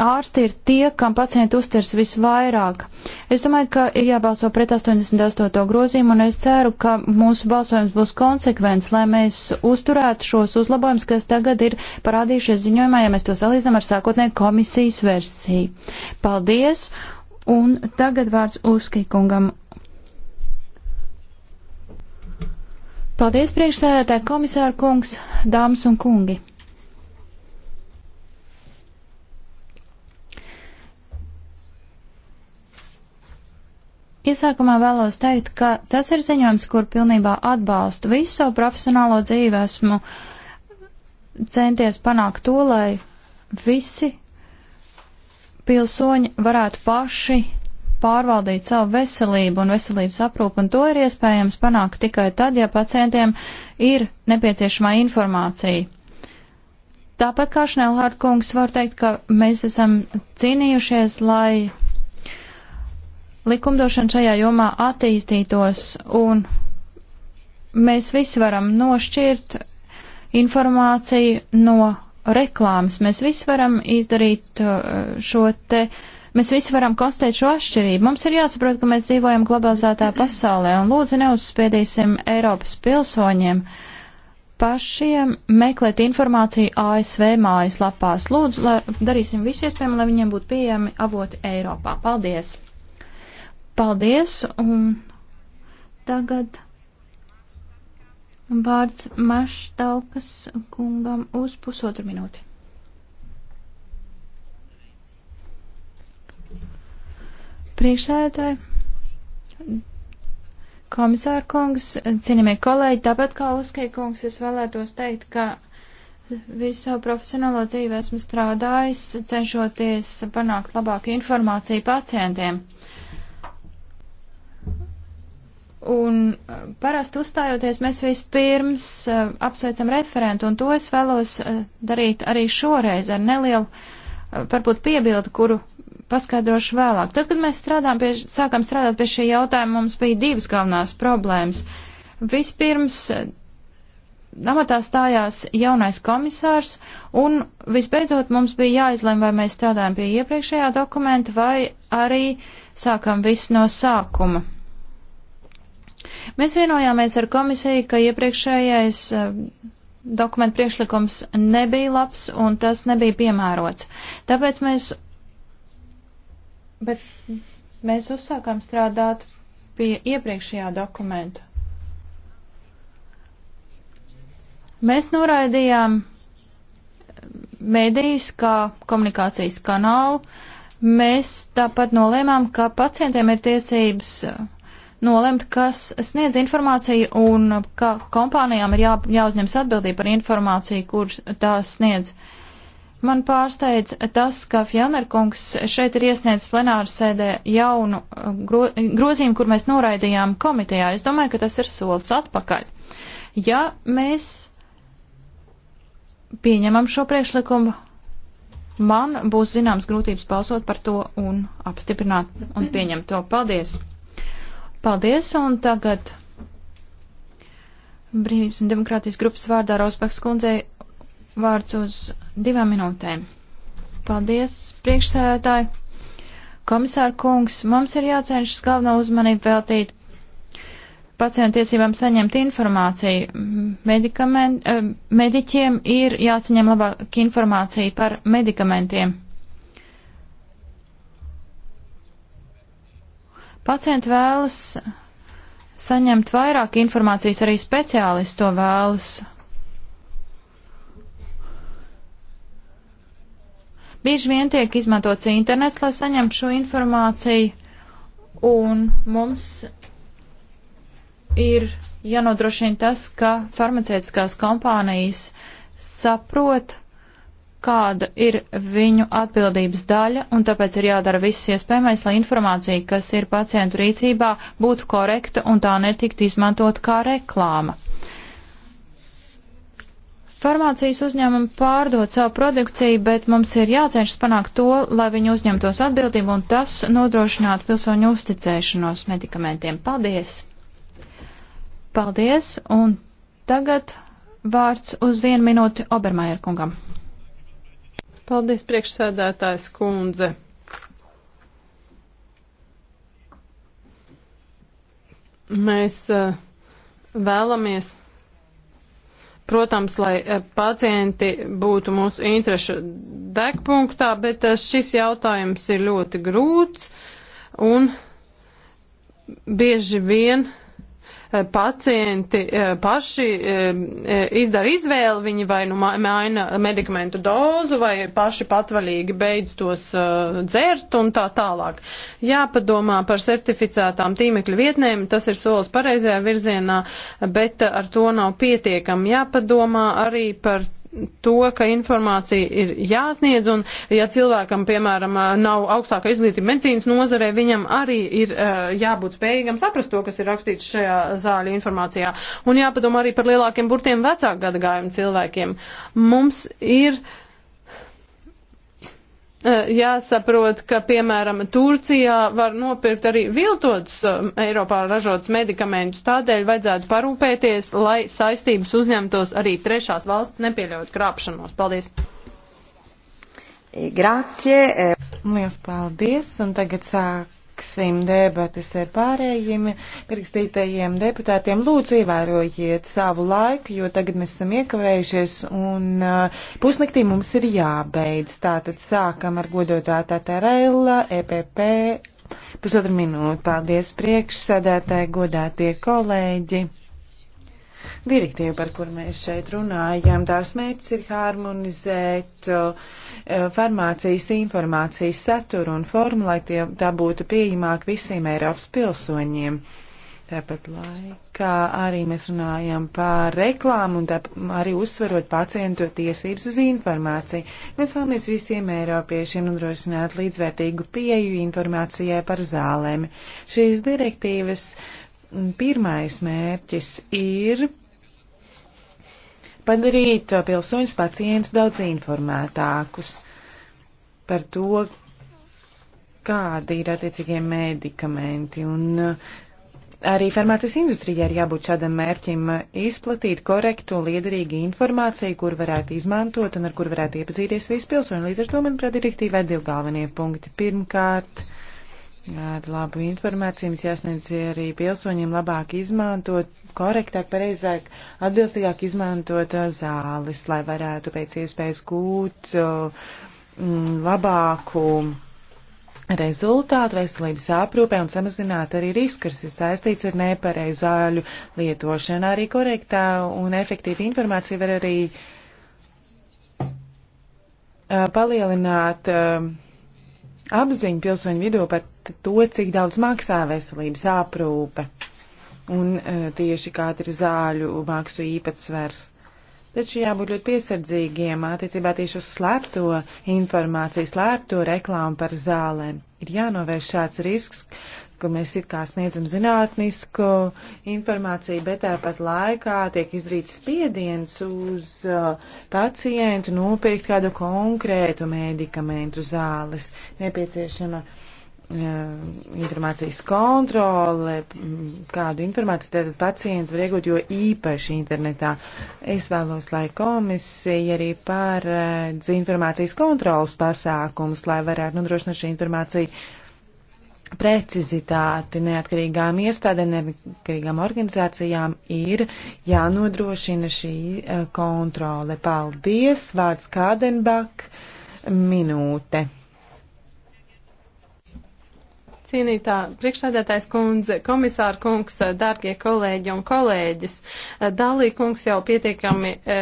ārsti ir tie, kam pacienti uzters visvairāk. Es domāju, ka ir jābalso pret 88. grozījumu, un es ceru, ka mūsu balsojums būs konsekvents, lai mēs uzturētu šos uzlabojumus, kas tagad ir parādījušies ziņojumā, ja mēs to salīdzinām ar sākotnēju komisijas versiju. Paldies! Un tagad vārds Uskikungam Paldies, priekšsēdētāji, komisāra kungs, dāmas un kungi. Iesākumā vēlos teikt, ka tas ir ziņojums, kur pilnībā atbalstu visu savu profesionālo dzīvi. Esmu centies panākt to, lai visi pilsoņi varētu paši pārvaldīt savu veselību un veselības aprūpu, un to ir iespējams panākt tikai tad, ja pacientiem ir nepieciešamā informācija. Tāpat kā Šnelhārd kungs var teikt, ka mēs esam cīnījušies, lai likumdošana šajā jomā attīstītos, un mēs visi varam nošķirt informāciju no reklāmas. Mēs visi varam izdarīt uh, šo te uh, Mēs visi varam konstatēt šo atšķirību. Mums ir jāsaprot, ka mēs dzīvojam globalizētā pasaulē un lūdzu neuzspiedīsim Eiropas pilsoņiem pašiem meklēt informāciju ASV mājaslapās. Lūdzu, lai darīsim visu iespējamo, lai viņiem būtu pieejami avoti Eiropā. Paldies! Paldies! Un tagad. Vārds Maštaukas kungam uz pusotru minūti. Priekšsēdētāji, komisāra kungs, cienījamie kolēģi, tāpat kā Uskai kungs, es vēlētos teikt, ka visu savu profesionālo dzīvi esmu strādājis, cenšoties panākt labāku informāciju pacientiem. Un parasti uzstājoties mēs vispirms uh, apsveicam referentu, un to es vēlos uh, darīt arī šoreiz ar nelielu, uh, varbūt piebildu, kuru paskaidrošu vēlāk. Tad, kad mēs strādājām pie, sākām strādāt pie šī jautājuma, mums bija divas galvenās problēmas. Vispirms amatā stājās jaunais komisārs, un visbeidzot mums bija jāizlem, vai mēs strādājam pie iepriekšējā dokumenta, vai arī sākam visu no sākuma. Mēs vienojāmies ar komisiju, ka iepriekšējais eh, dokumentu priekšlikums nebija labs un tas nebija piemērots. Tāpēc mēs Bet mēs uzsākām strādāt pie iepriekšējā dokumenta. Mēs noraidījām mēdījus kā komunikācijas kanālu. Mēs tāpat nolēmām, ka pacientiem ir tiesības nolemt, kas sniedz informāciju un ka kompānijām ir jā, jāuzņems atbildība par informāciju, kur tās sniedz. Man pārsteidz tas, ka Fjanerkungs šeit ir iesniedzis plenāru sēdē jaunu uh, gro, grozījumu, kur mēs noraidījām komitejā. Es domāju, ka tas ir solis atpakaļ. Ja mēs pieņemam šo priekšlikumu, man būs zināms grūtības balsot par to un apstiprināt un pieņemt to. Paldies! Paldies, un tagad Brīvības un demokrātijas grupas vārdā Rauspaks kundzei vārds uz divām minūtēm. Paldies, priekšsēdētāji. Komisāra kungs, mums ir jācenšas galveno uzmanību veltīt pacientu tiesībām saņemt informāciju. Medikament, eh, mediķiem ir jāsaņem labāk informācija par medikamentiem. Pacienti vēlas saņemt vairāk informācijas, arī speciālisti to vēlas. Bieži vien tiek izmantots internets, lai saņemtu šo informāciju, un mums ir jānodrošina tas, ka farmaceitiskās kompānijas saprot, kāda ir viņu atbildības daļa, un tāpēc ir jādara viss iespējamais, lai informācija, kas ir pacientu rīcībā, būtu korekta un tā netiktu izmantot kā reklāma. Farmācijas uzņēmumi pārdod savu produkciju, bet mums ir jācenšas panākt to, lai viņi uzņemtos atbildību un tas nodrošinātu pilsoņu uzticēšanos medikamentiem. Paldies! Paldies! Un tagad vārds uz vienu minūti Obermajer kungam. Paldies, priekšsēdētājs kundze! Mēs uh, vēlamies protams, lai eh, pacienti būtu mūsu interešu degpunktā, bet eh, šis jautājums ir ļoti grūts un bieži vien pacienti eh, paši eh, eh, izdara izvēli, viņi vai nu maina medikamentu dozu, vai paši patvaļīgi beidz tos dzert un tā tālāk. Jāpadomā par certificētām tīmekļa vietnēm, tas ir solis pareizajā virzienā, bet ar to nav pietiekami. Jāpadomā arī par to, ka informācija ir jāsniedz, un ja cilvēkam, piemēram, nav augstāka izglītība medicīnas nozarē, viņam arī ir eh, jābūt spējīgam saprast to, kas ir rakstīts šajā zāļu informācijā. Un jāpadomā arī par lielākiem burtiem vecāku gadagājumu cilvēkiem. Mums ir uh, Eh, jāsaprot, ka, piemēram, Turcijā var nopirkt arī viltotus eh, Eiropā ražotus medikamentus. Tādēļ vajadzētu parūpēties, lai saistības uzņemtos arī trešās valsts nepieļaut krāpšanos. Paldies! Grācie! Eh. Lielas paldies! Un tagad sāk Sāksim debatas ar pārējiem pirkstītajiem deputātiem. Lūdzu, ievērojiet savu laiku, jo tagad mēs esam iekavējušies un uh, pusnaktī mums ir jābeidz. Tātad sākam ar godotā Tatarella, EPP. Pusotru minūti. Paldies priekšsēdētāji, godātie kolēģi. Direktīva, par kur mēs šeit runājam, tās mērķis ir harmonizēt uh, farmācijas informācijas saturu un formu, lai tie, tā būtu pieejamāk visiem Eiropas pilsoņiem. Tāpat laikā arī mēs runājam par reklāmu un tā, arī uzsverot pacientu tiesības uz informāciju. Mēs vēlamies visiem eiropiešiem nodrošināt līdzvērtīgu pieju informācijai par zālēm. Šīs direktīvas uh, pirmais mērķis ir padarīt pilsoņus pacientus daudz informētākus par to, kādi ir attiecīgie medikamenti. Un uh, arī farmācijas industrijai ir jābūt šādam mērķim izplatīt korektu un liederīgu informāciju, kur varētu izmantot un ar kur varētu iepazīties visi pilsoņi. Līdz ar to, manuprāt, direktīvā ir divi galvenie punkti. Pirmkārt, uh, Ar labu informāciju mums jāsniedz arī pilsoņiem labāk izmantot, korektāk, pareizāk, atbilstīgāk izmantot uh, zāles, lai varētu pēc iespējas gūt uh, mm, labāku rezultātu veselības aprūpē un samazināt arī risku, kas ir saistīts ar nepareizu zāļu lietošanu. Arī korektā un efektīva informācija var arī uh, palielināt uh, apziņu pilsoņu vidū par to, cik daudz maksā veselības aprūpe un uh, tieši kāda ir zāļu mākslu īpatsvers. Taču jābūt ļoti piesardzīgiem attiecībā tieši uz slēpto informāciju, slēpto reklāmu par zālēm. Ir jānovērš šāds risks, ka mēs it kā sniedzam zinātnisku informāciju, bet tāpat laikā tiek izdarīts spiediens uz uh, pacientu nopirkt kādu konkrētu medikamentu zāles. Nepieciešama uh, informācijas kontrole, mm, kādu informāciju tad pacients var iegūt, jo īpaši internetā. Es vēlos, lai komisija arī pārēdz informācijas kontrolas pasākums, lai varētu nodrošināt šī informācija precizitāti neatkarīgām iestādēm, neatkarīgām organizācijām ir jānodrošina šī eh, kontrole. Paldies, vārds Kādenbak, minūte. Cienītā priekšsēdētājs kundze, komisāra kungs, dārgie kolēģi un kolēģis, Dalī kungs jau pietiekami e,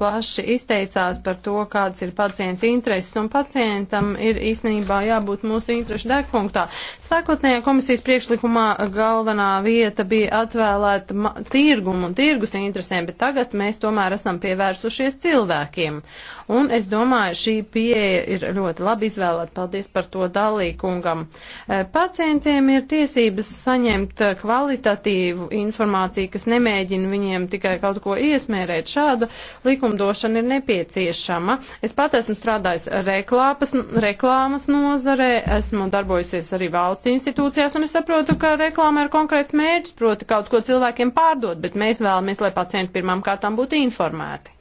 plaši izteicās par to, kādas ir pacienta intereses, un pacientam ir īstenībā jābūt mūsu interešu degpunktā. Sākotnējā komisijas priekšlikumā galvenā vieta bija atvēlēta tirgumu un tirgus interesēm, bet tagad mēs tomēr esam pievērsušies cilvēkiem. Un es domāju, šī pieeja ir ļoti labi izvēlēta. Paldies par to Dalī kungam. E, pacientiem ir tiesības saņemt eh, kvalitatīvu informāciju, kas nemēģina viņiem tikai kaut ko iesmērēt. Šāda likumdošana ir nepieciešama. Es pat esmu strādājis reklāpas, reklāmas nozarē, esmu darbojusies arī valsts institūcijās, un es saprotu, ka reklāma ir konkrēts mērķis, proti kaut ko cilvēkiem pārdot, bet mēs vēlamies, lai pacienti pirmām kārtām būtu informēti.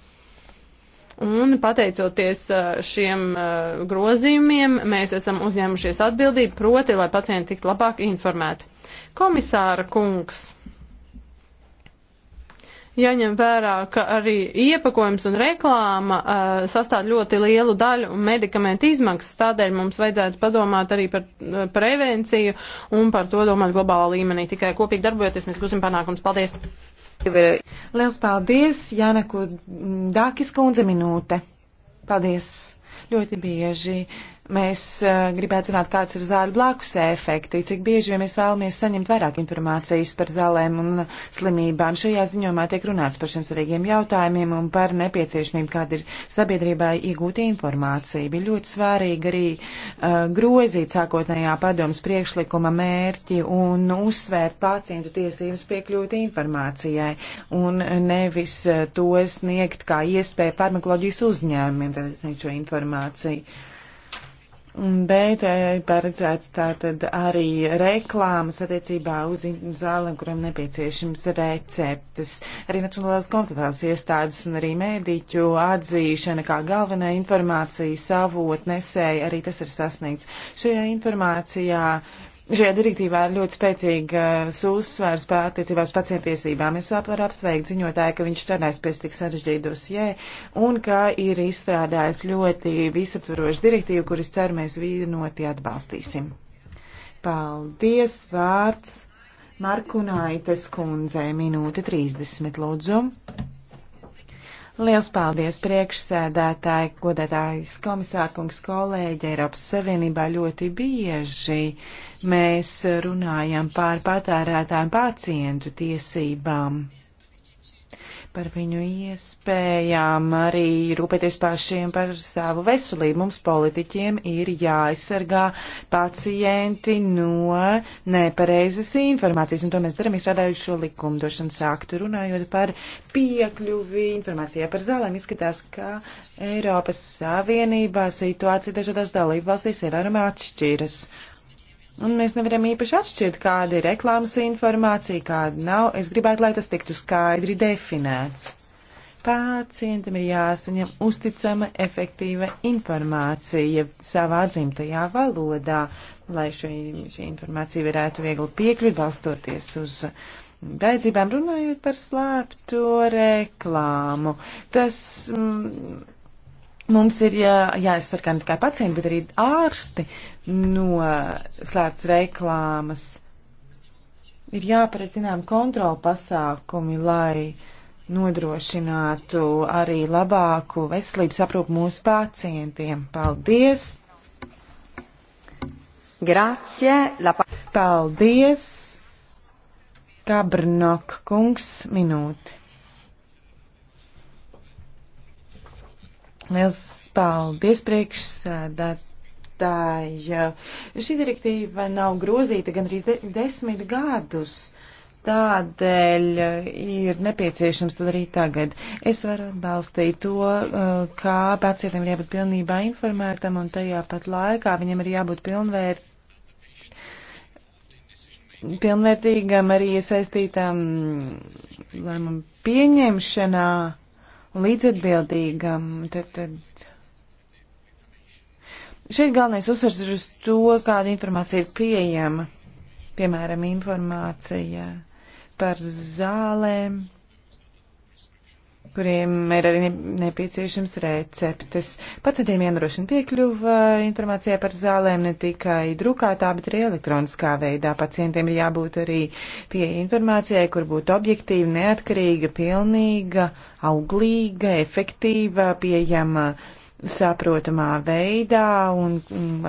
Un pateicoties šiem grozījumiem, mēs esam uzņēmušies atbildību, proti, lai pacienti tiktu labāk informēti. Komisāra kungs. Jaņem vērā, ka arī iepakojums un reklāma uh, sastāv ļoti lielu daļu medikamentu izmaksas, tādēļ mums vajadzētu padomāt arī par uh, prevenciju un par to domāt globālā līmenī. Tikai kopīgi darbojoties mēs gūsim panākums. Paldies! Liels paldies, Jāneku Dākis kundze minūte. Paldies. Ļoti bieži Mēs uh, gribētu zināt, kāds ir zāļu blakus efekti, cik bieži mēs vēlamies saņemt vairāk informācijas par zālēm un slimībām. Šajā ziņojumā tiek runāts par šiem svarīgiem jautājumiem un par nepieciešamību, kāda ir sabiedrībai iegūta informācija. Bija ļoti svarīgi arī uh, grozīt sākotnējā padomas priekšlikuma mērķi un uzsvērt pacientu tiesības piekļūt informācijai un nevis uh, to sniegt kā iespēju farmakoloģijas uzņēmumiem, tad sniegt šo informāciju. Bet paredzēts tātad arī reklāmas attiecībā uz zālēm, kuriem nepieciešams receptes. Arī Nacionālās kompetentās iestādes un arī mēdīķu atzīšana kā galvenā informācija savot nesēja, arī tas ir sasniegts. Šajā informācijā uh, Šajā direktīvā ir ļoti spēcīgs eh, uzsvērs pārtiecībā uz pacientiesībām. Es vēl apsveicu ziņotāju, ka viņš strādājas pēc tik sarežģīta dosjē un ka ir izstrādājis ļoti visaptvarošu direktīvu, kuras ceru mēs vienoti atbalstīsim. Paldies, vārds Markunaites kundzei, minūte 30, lūdzu. Liels paldies priekšsēdētāji, godētājs komisārkungs, kolēģi Eiropas Savienībā ļoti bieži. Uh, mēs runājam par patērētājiem pacientu tiesībām, par viņu iespējām arī rūpēties pašiem par savu veselību. Mums politiķiem ir jāaizsargā pacienti no nepareizas informācijas, un to mēs darām izstrādājot šo likumdošanas aktu, runājot par piekļuvi informācijā par zālēm. Izskatās, ka Eiropas Savienībā situācija dažādās dalību valstīs ievērojami atšķiras. Un mēs nevaram īpaši atšķirt, kāda ir reklāmas informācija, kāda nav. Es gribētu, lai tas tiktu skaidri definēts. Pacientam ir jāsaņem uzticama, efektīva informācija savā dzimtajā valodā, lai šī, šī informācija varētu viegli piekļūt, balstoties uz beidzībām runājot par slēpto reklāmu. Tas. Mm, Mums ir jā, jāaizsargā ne tikai pacienti, bet arī ārsti no slēpts reklāmas. Ir jāparedz zinām kontrola pasākumi, lai nodrošinātu arī labāku veselības aprūpu mūsu pacientiem. Paldies! Grācie! La... Paldies! Kabrnok kungs minūti. Liels paldies priekšsēdētāji. Šī direktīva nav grozīta gandrīz de desmit gadus. Tādēļ ir nepieciešams to darīt tagad. Es varu atbalstīt to, uh, kā pacientam ir jābūt pilnībā informētam un tajā pat laikā viņam ir jābūt pilnvērt. Pilnvērtīgam arī iesaistītam mm, lēmumu pieņemšanā. Uh, līdzatbildīgam. Tad, tad. Šeit galvenais uzsvers ir uz to, kāda informācija ir pieejama. Piemēram, informācija par zālēm, kuriem ir arī nepieciešams receptes. Pacientiem jānodrošina piekļuva informācijai par zālēm ne tikai drukātā, bet arī elektroniskā veidā. Pacientiem ir jābūt arī pie informācijai, kur būtu objektīva, neatkarīga, pilnīga, auglīga, efektīva, pieejama saprotamā veidā un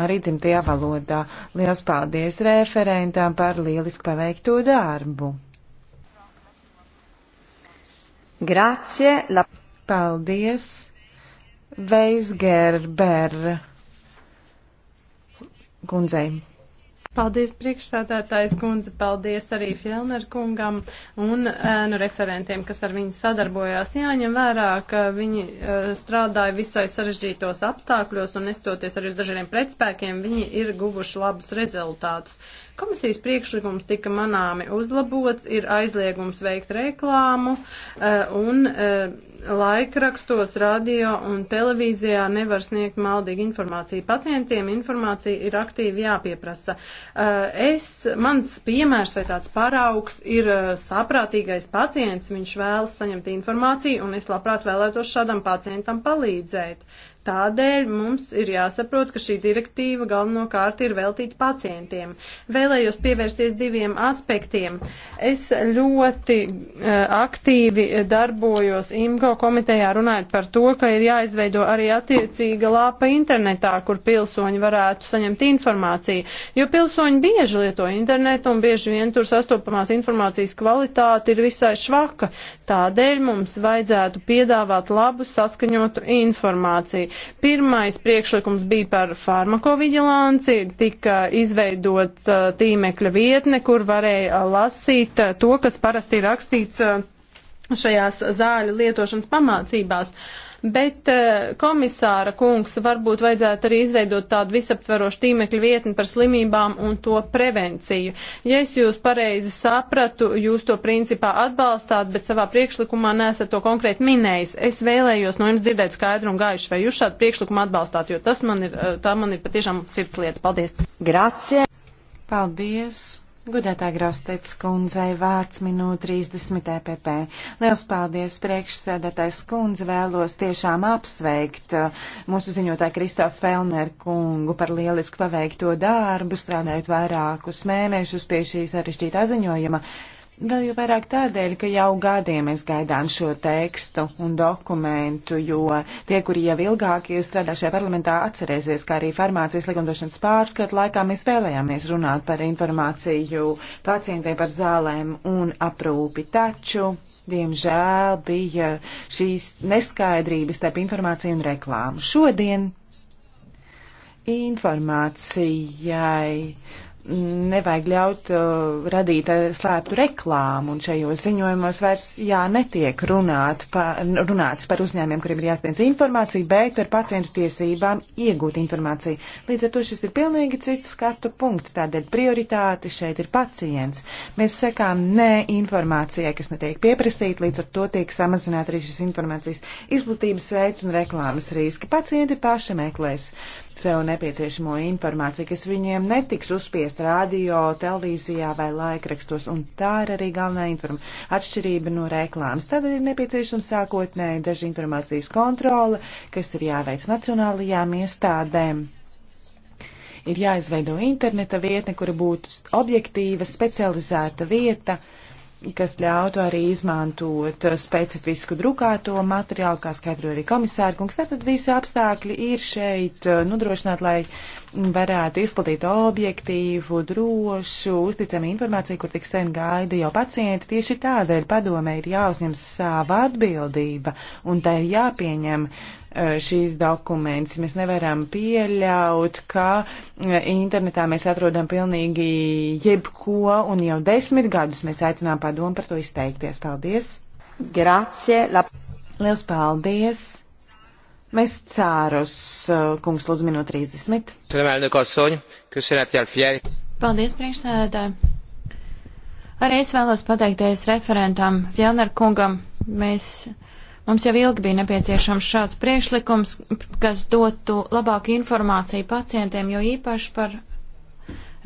arī dzimtajā valodā. Liels paldies referentām par lieliski paveikto darbu! Grācie. La... Paldies. Veisgerber kundzei. Paldies priekšsādātājs kundze, paldies arī Fjellner kungam un ēnu eh, e, referentiem, kas ar viņu sadarbojās. Jāņem vērā, ka viņi e, strādāja visai sarežģītos apstākļos un nestoties arī uz dažiem pretspēkiem, viņi ir guvuši labus rezultātus. Komisijas priekšlikums tika manāmi uzlabots, ir aizliegums veikt reklāmu e, un e, laikrakstos, radio un televīzijā nevar sniegt maldīgu informāciju. Pacientiem informācija ir aktīvi jāpieprasa. E, es, mans piemērs vai tāds paraugs ir saprātīgais pacients, viņš vēlas saņemt informāciju un es labprāt vēlētos šādam pacientam palīdzēt. Uh, Tādēļ mums ir jāsaprot, ka šī direktīva galvenokārt ir veltīta pacientiem. Vēlējos pievērsties diviem aspektiem. Es ļoti uh, aktīvi darbojos IMGO komitejā runājot par to, ka ir jāizveido arī attiecīga lāpa internetā, kur pilsoņi varētu saņemt informāciju. Jo pilsoņi bieži lieto internetu un bieži vien tur sastopamās informācijas kvalitāte ir visai švaka. Tādēļ mums vajadzētu piedāvāt labu saskaņotu informāciju novembrī. Pirmais priekšlikums bija par farmakoviģilanci, tika izveidot tīmekļa vietne, kur varēja lasīt to, kas parasti ir rakstīts šajās zāļu lietošanas pamācībās. Uh, Bet eh, komisāra kungs varbūt vajadzētu arī izveidot tādu visaptverošu tīmekļu vietni par slimībām un to prevenciju. Ja es jūs pareizi sapratu, jūs to principā atbalstāt, bet savā priekšlikumā nesat to konkrēti minējis. Es vēlējos no jums dzirdēt skaidru un gaišu, vai jūs šādu priekšlikumu atbalstāt, jo tas man ir, eh, tā man ir patiešām sirds lieta. Paldies! Grazie! Paldies! Gudētā Grausteic kundzei vārds minūte 30 EPP. Liels paldies priekšsēdētājs kundze vēlos tiešām apsveikt uh, mūsu ziņotāju Kristofu Felneru kungu par lieliski paveikto darbu, strādājot vairākus mēnešus pie šī sarežģītā ziņojuma. Vēl jau vairāk tādēļ, ka jau gadiem mēs gaidām šo tekstu un dokumentu, jo tie, kuri jau ilgāk strādā šajā parlamentā, atcerēsies, ka arī farmācijas likumdošanas pārskatu laikā mēs vēlējāmies runāt par informāciju pacientiem par zālēm un aprūpi. Taču, diemžēl, bija šīs neskaidrības starp informāciju un reklāmu. Šodien informācijai nevajag ļaut uh, radīt uh, slēptu reklāmu, un šajos ziņojumos vairs jā, netiek runāt pa, runāts par uzņēmiem, kuriem ir jāsniedz informācija, bet par pacientu tiesībām iegūt informāciju. Līdz ar to šis ir pilnīgi cits skatu punkts, tādēļ prioritāte šeit ir pacients. Mēs sekām ne informācijai, kas netiek pieprasīta, līdz ar to tiek samazināt arī šis informācijas izplatības veids un reklāmas riski. Pacienti paši meklēs. Uh, sev nepieciešamo informāciju, kas viņiem netiks uzspiest radio, televīzijā vai laikrakstos, un tā ir arī galvenā informa atšķirība no reklāmas. Tad ir nepieciešama sākotnēji daži informācijas kontrole, kas ir jāveic nacionālajām iestādēm. Ir jāizveido interneta vietne, kura būtu objektīva, specializēta vieta, uh, kas ļautu arī izmantot specifisku drukāto materiālu, kā skaidro arī komisāra kungs. Tātad visi apstākļi ir šeit eh, nodrošināt, lai varētu izplatīt objektīvu, drošu, uzticamu informāciju, kur tik sen gaida jau pacienti. Tieši tādēļ padomē ir jāuzņem sava atbildība un tā ir jāpieņem uh, šīs dokumentus. Mēs nevaram pieļaut, ka internetā mēs atrodam pilnīgi jebko, un jau desmit gadus mēs aicinām padomu par to izteikties. Paldies! Grazie! La... Liels paldies! Mēs cārus, kungs, lūdzu, minūte 30. Paldies, priekšsēdētāji! Arī es vēlos pateikties referentam Fjellner kungam. Mēs Mums jau ilgi bija nepieciešams šāds priekšlikums, kas dotu labāku informāciju pacientiem, jo īpaši par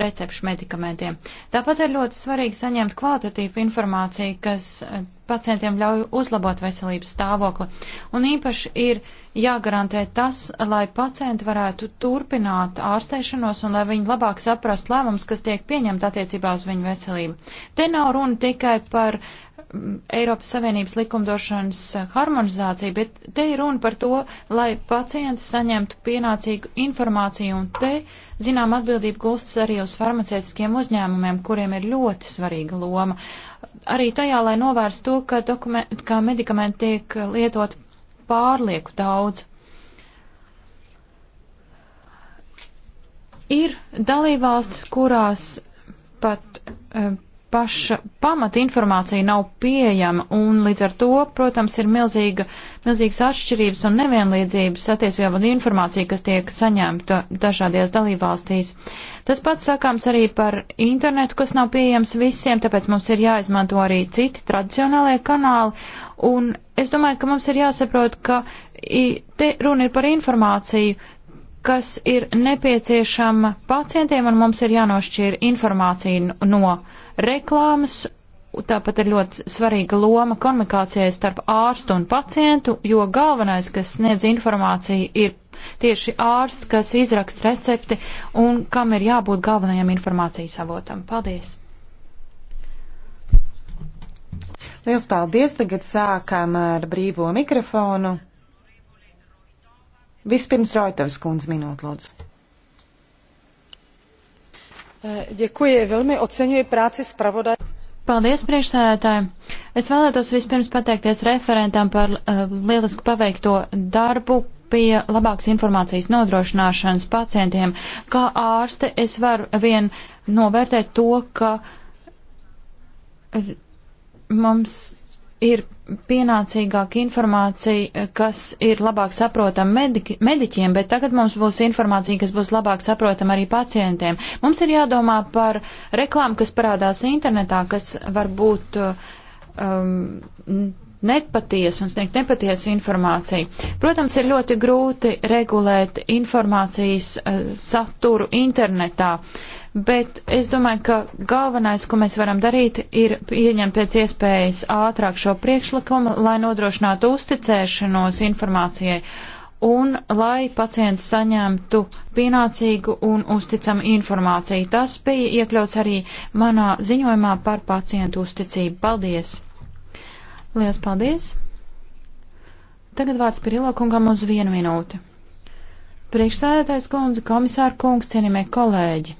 recepšu medikamentiem. Tāpat ir ļoti svarīgi saņemt kvalitatīvu informāciju, kas eh, pacientiem ļauj uzlabot veselības stāvokli. Un īpaši ir jāgarantē tas, lai pacienti varētu turpināt ārsteišanos un lai viņi labāk saprastu lēmumus, kas tiek pieņemti attiecībā uz viņu veselību. Te nav runa tikai par uh, Eiropas Savienības likumdošanas harmonizāciju, bet te ir runa par to, lai pacienti saņemtu pienācīgu informāciju, un te, zinām, atbildība gulstas arī uz farmacētiskiem uzņēmumiem, kuriem ir ļoti svarīga loma. Arī tajā, lai novērstu to, ka, dokument, ka medikamenti tiek lietot pārlieku daudz. Ir dalībvalstis, kurās pat. Uh, paša pamata informācija nav pieejama, un līdz ar to, protams, ir milzīga, milzīgas atšķirības un nevienlīdzības attiecībā un informācija, kas tiek saņemta dažādajās dalībvalstīs. Tas pats sakāms arī par internetu, kas nav pieejams visiem, tāpēc mums ir jāizmanto arī citi tradicionālie kanāli, un es domāju, ka mums ir jāsaprot, ka te runa ir par informāciju, kas ir nepieciešama pacientiem, un mums ir jānošķir informācija no reklāmas, tāpat ir ļoti svarīga loma komunikācijai starp ārstu un pacientu, jo galvenais, kas sniedz informāciju, ir tieši ārsts, kas izraksta recepti un kam ir jābūt galvenajam informācijas avotam. Paldies! Liels paldies! Tagad sākām ar brīvo mikrofonu. Vispirms Roitovs kundz minūte, lūdzu. Ďakujem, veľmi oceňuju práci spravodaja. Paldies, priekšsēdētāji! Es vēlētos vispirms pateikties referentam par uh, lielisku paveikto darbu pie labākas informācijas nodrošināšanas pacientiem. Kā ārste es varu vien novērtēt to, ka mums ir pienācīgāka informācija, kas ir labāk saprotama mediki, mediķiem, bet tagad mums būs informācija, kas būs labāk saprotama arī pacientiem. Mums ir jādomā par reklāmu, kas parādās internetā, kas var būt um, nepatiesa un sniegt nepatiesu informāciju. Protams, ir ļoti grūti regulēt informācijas uh, saturu internetā. Uh, bet es domāju, ka galvenais, ko mēs varam darīt, ir pieņemt pēc iespējas ātrāk šo priekšlikumu, lai nodrošinātu uzticēšanos informācijai un lai pacients saņemtu pienācīgu un uzticamu informāciju. Tas bija iekļauts arī manā ziņojumā par pacientu uzticību. Paldies! Lielas paldies! Tagad vārds Pirilo kungam uz vienu minūti. Priekšsēdētājs kundze, komisāra kungs, cienījamie kolēģi!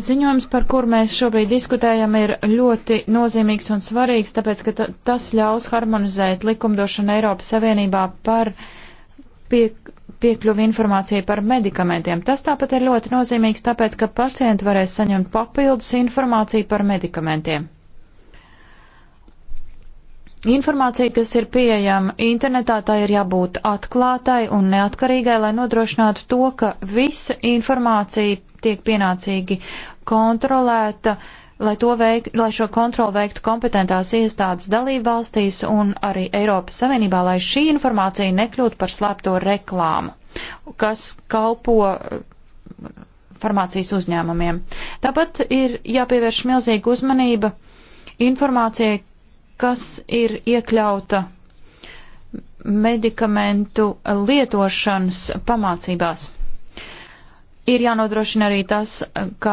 Ziņojums, par kur mēs šobrīd diskutējam, ir ļoti nozīmīgs un svarīgs, tāpēc, ka tas ļaus harmonizēt likumdošanu Eiropas Savienībā par pie piekļuvi informācijai par medikamentiem. Tas tāpat ir ļoti nozīmīgs, tāpēc, ka pacienti varēs saņemt papildus informāciju par medikamentiem. Informācija, kas ir pieejama internetā, tā ir jābūt atklātai un neatkarīgai, lai nodrošinātu to, ka visa informācija tiek pienācīgi kontrolēta, lai, veik, lai šo kontroli veiktu kompetentās iestādes dalību valstīs un arī Eiropas Savienībā, lai šī informācija nekļūtu par slēpto reklāmu, kas kalpo eh, farmācijas uzņēmumiem. Tāpat ir jāpievērš milzīga uzmanība informācijai, kas ir iekļauta medikamentu lietošanas pamācībās. Ir jānodrošina arī tas, ka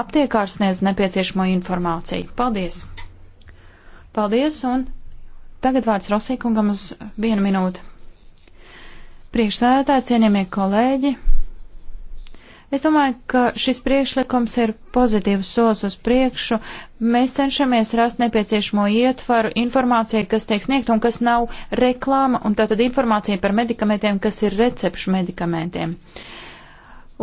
aptiekārs sniedz nepieciešamo informāciju. Paldies! Paldies, un tagad vārds Rosīkungam uz vienu minūti. Priekšsēdētāji, cienījamie kolēģi, es domāju, ka šis priekšlikums ir pozitīvs solis uz priekšu. Mēs cenšamies rast nepieciešamo ietvaru informācijai, kas tiek sniegta un kas nav reklāma, un tātad informācija par medikamentiem, kas ir recepšu medikamentiem. Uh,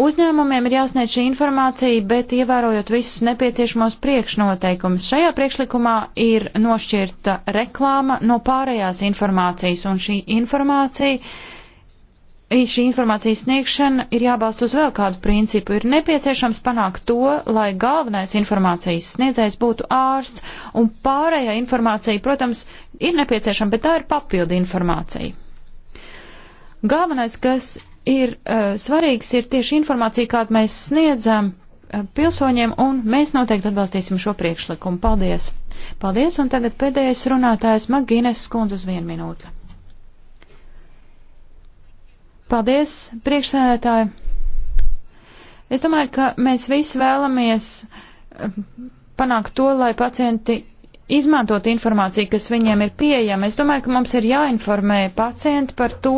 Uzņēmumiem ir jāsniedz šī informācija, bet ievērojot visus nepieciešamos priekšnoteikumus. Šajā priekšlikumā ir nošķirta reklāma no pārējās informācijas, un šī informācija, šī informācijas sniegšana ir jābalst uz vēl kādu principu. Ir nepieciešams panākt to, lai galvenais informācijas sniedzējs būtu ārsts, un pārējā informācija, protams, ir nepieciešama, bet tā ir papildu informācija. Galvenais, kas ir uh, svarīgs, ir tieši informācija, kādu mēs sniedzam uh, pilsoņiem, un mēs noteikti atbalstīsim šo priekšlikumu. Paldies! Paldies, un tagad pēdējais runātājs Magīnes skundz uz vienu minūti. Paldies, priekšsēdētāji! Es domāju, ka mēs visi vēlamies eh, panākt to, lai pacienti izmantot informāciju, kas viņiem ir pieejama. Es domāju, ka mums ir jāinformē pacienti par to,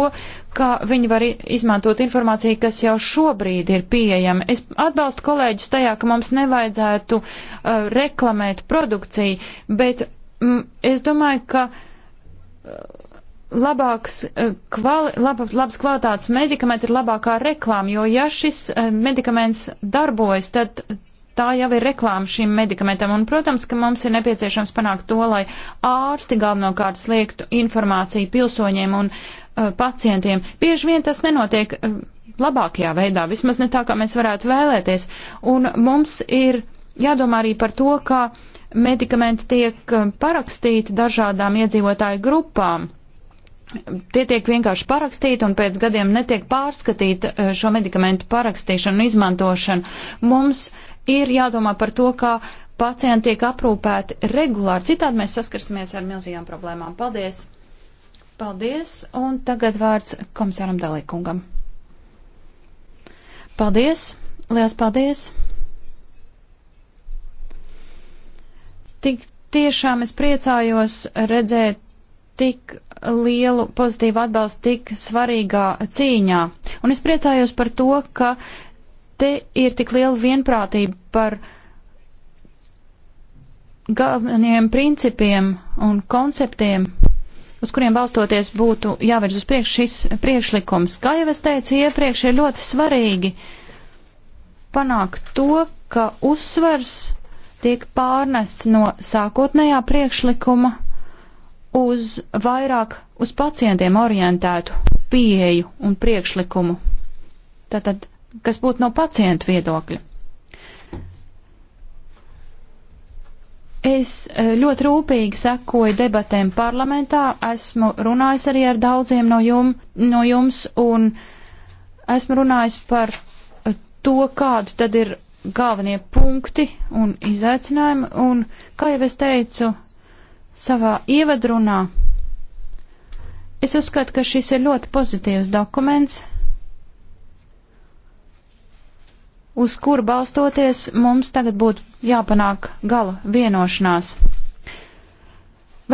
ka viņi var izmantot informāciju, kas jau šobrīd ir pieejama. Es atbalstu kolēģus tajā, ka mums nevajadzētu uh, reklamēt produkciju, bet mm, es domāju, ka uh, labāks, uh, kvali, lab, labs kvalitātes medikamenti ir labākā reklāma, jo ja šis uh, medikaments darbojas, tad tā jau ir reklāma šim medikamentam. Un, protams, ka mums ir nepieciešams panākt to, lai ārsti galvenokārt sliektu informāciju pilsoņiem un uh, pacientiem. Bieži vien tas nenotiek uh, labākajā veidā, vismaz ne tā, kā mēs varētu vēlēties. Un mums ir jādomā arī par to, kā medikamenti tiek uh, parakstīti dažādām iedzīvotāju grupām. Tie tiek vienkārši parakstīti un pēc gadiem netiek pārskatīta uh, šo medikamentu parakstīšana un izmantošana. Mums uh, ir jādomā par to, kā pacienti tiek aprūpēti regulāri. Citādi mēs saskarsimies ar milzīgām problēmām. Paldies! Paldies! Un tagad vārds komisāram Dalīkungam. Paldies! Lielas paldies! Tik tiešām es priecājos redzēt tik lielu pozitīvu atbalstu tik svarīgā cīņā. Un es priecājos par to, ka uh, te ir tik liela vienprātība par galveniem principiem un konceptiem, uz kuriem balstoties būtu jāvērš uz priekšu šis priekšlikums. Kā jau es teicu iepriekš, ir ļoti svarīgi panākt to, ka uzsvars tiek pārnests no sākotnējā priekšlikuma uz vairāk uz pacientiem orientētu pieeju un priekšlikumu. Tātad kas būtu no pacientu viedokļa. Es e, ļoti rūpīgi sekoju debatēm parlamentā, esmu runājis arī ar daudziem no, jum, no jums un esmu runājis par e, to, kādi tad ir galvenie punkti un izaicinājumi. Un, kā jau es teicu savā ievadrunā, es uzskatu, ka šis ir ļoti pozitīvs dokuments, uz kur balstoties mums tagad būtu jāpanāk gala vienošanās.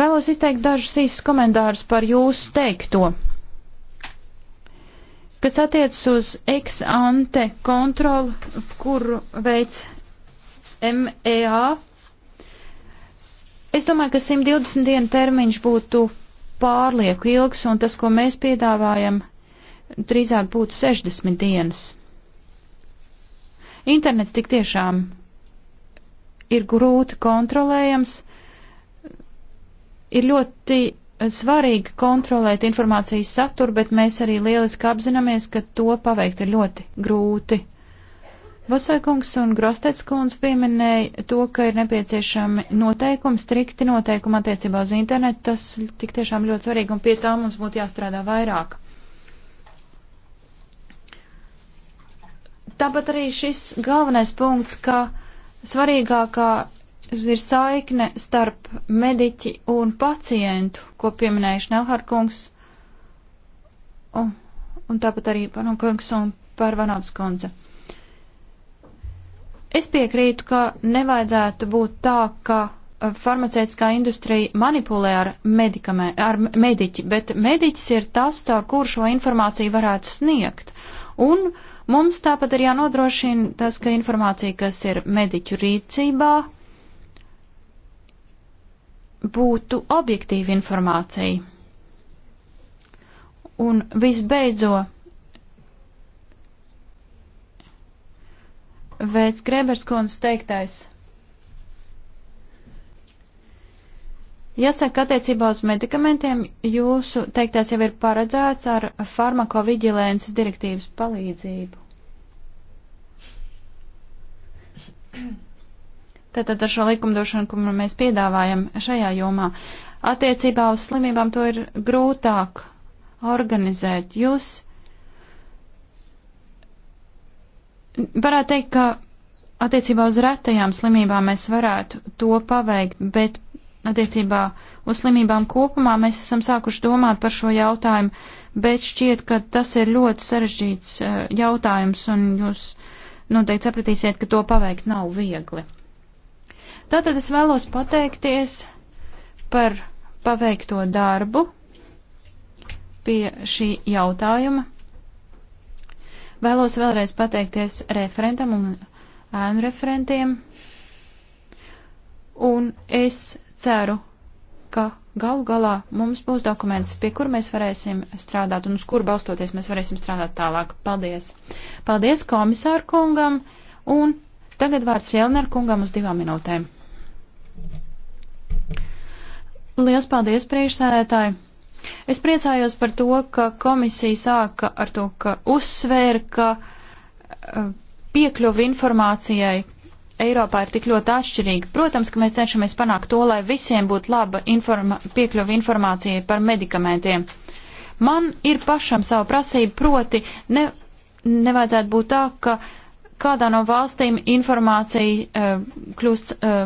Vēlos izteikt dažus īsus komentārus par jūsu teikto, kas attiecas uz ex ante kontroli, kuru veids MEA. Es domāju, ka 120 dienu termiņš būtu pārlieku ilgs, un tas, ko mēs piedāvājam, drīzāk būtu 60 dienas. Internets tik tiešām ir grūti kontrolējams. Ir ļoti svarīgi kontrolēt informācijas saturu, bet mēs arī lieliski apzināmies, ka to paveikt ir ļoti grūti. Vosaikungs un Grostetskunds pieminēja to, ka ir nepieciešami noteikumi, strikti noteikumi attiecībā uz internetu. Tas tik tiešām ļoti svarīgi un pie tā mums būtu jāstrādā vairāk. Tāpat arī šis galvenais punkts, ka svarīgākā ir saikne starp mediķi un pacientu, ko pieminējuši Nelhārkungs un, un tāpat arī Panukungs un Parvanovs kundze. Es piekrītu, ka nevajadzētu būt tā, ka farmaceitiskā industrija manipulē ar, ar mediķi, bet mediķis ir tas, caur kur šo informāciju varētu sniegt. Un uh, Mums tāpat ir jānodrošina tas, ka informācija, kas ir mediķu rīcībā, būtu objektīva informācija. Un visbeidzot, Vēs Greberskons teiktais. Jāsaka, attiecībā uz medikamentiem jūsu teiktais jau ir paredzēts ar farmakovigilēnas direktīvas palīdzību. Tātad ar šo likumdošanu, ko mēs piedāvājam šajā jomā, attiecībā uz slimībām to ir grūtāk organizēt. Jūs varētu teikt, ka attiecībā uz retajām slimībām mēs varētu to paveikt, bet attiecībā uz slimībām kopumā mēs esam sākuši domāt par šo jautājumu, bet šķiet, ka tas ir ļoti sarežģīts eh, jautājums un jūs noteikti sapratīsiet, ka to paveikt nav viegli. Tātad es vēlos pateikties par paveikto darbu pie šī jautājuma. Vēlos vēlreiz pateikties referentam un ēnu referentiem. Un es ceru, ka galu galā mums būs dokuments, pie kur mēs varēsim strādāt un uz kur balstoties mēs varēsim strādāt tālāk. Paldies! Paldies komisāru kungam un tagad vārds Fjellner kungam uz divām minūtēm. Liels paldies priekšsēdētāji! Es priecājos par to, ka komisija sāka ar to, ka uzsvēra, ka eh, piekļuva informācijai Eiropā ir tik ļoti atšķirīga. Protams, ka mēs cenšamies panākt to, lai visiem būtu laba informa piekļuva informācijai par medikamentiem. Man ir pašam savu prasību, proti ne, nevajadzētu būt tā, ka kādā no valstīm informācija uh, kļūst uh,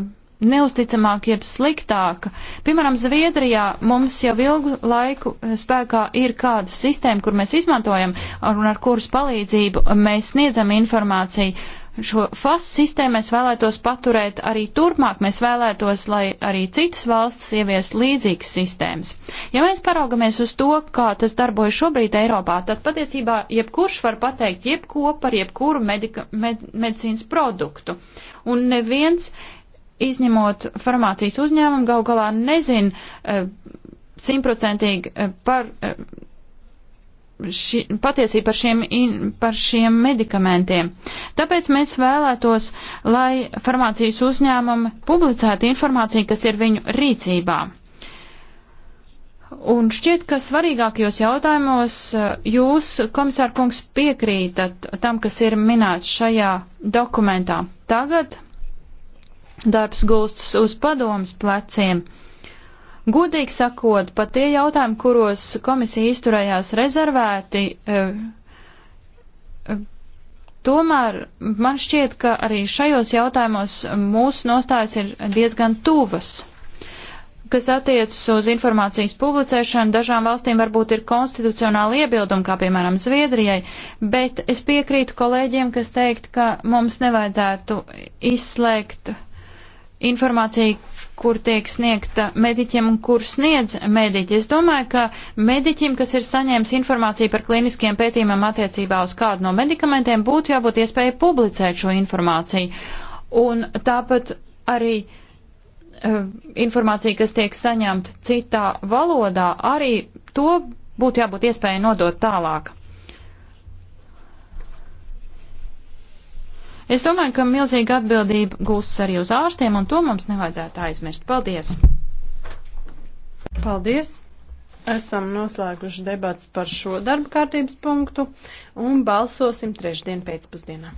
neusticamāk jeb sliktāka. Piemēram, Zviedrijā mums jau ilgu laiku eh, spēkā ir kāda sistēma, kur mēs izmantojam un ar kuras palīdzību mēs sniedzam informāciju Šo FAS sistēmu mēs vēlētos paturēt arī turpmāk, mēs vēlētos, lai arī citas valstis ievies līdzīgas sistēmas. Ja mēs paraugamies uz to, kā tas darbojas šobrīd Eiropā, tad patiesībā jebkurš var pateikt jebko par jebkuru medika, med, medicīnas produktu. Un neviens, izņemot farmācijas uzņēmumu, gal galā nezin eh, simtprocentīgi eh, par eh, ši, patiesību par šiem, in, par šiem medikamentiem. Tāpēc mēs vēlētos, lai farmācijas uzņēmumi publicētu informāciju, kas ir viņu rīcībā. Un šķiet, ka svarīgākajos jautājumos uh, jūs, komisār kungs, piekrītat tam, kas ir minēts šajā dokumentā. Tagad darbs gulstas uz padomas pleciem. Uh, Godīgi sakot, pat tie jautājumi, kuros komisija izturējās rezervēti, e, e, tomēr man šķiet, ka arī šajos jautājumos mūsu nostājas ir diezgan tuvas kas attiecas uz informācijas publicēšanu, dažām valstīm varbūt ir konstitucionāli iebildumi, kā piemēram Zviedrijai, bet es piekrītu kolēģiem, kas teikt, ka mums nevajadzētu izslēgt informācija, kur tiek sniegta mediķiem un kur sniedz mediķi. Es domāju, ka mediķim, kas ir saņēmis informāciju par klīniskiem pētījumiem attiecībā uz kādu no medikamentiem, būtu jābūt iespēja publicēt šo informāciju. Un tāpat arī uh, informācija, kas tiek saņemta citā valodā, arī to būtu jābūt iespēja nodot tālāk. Es domāju, ka milzīga atbildība gūstas arī uz ārstiem, un to mums nevajadzētu aizmirst. Paldies! Paldies! Esam noslēguši debats par šo darba kārtības punktu un balsosim trešdien pēcpusdienā.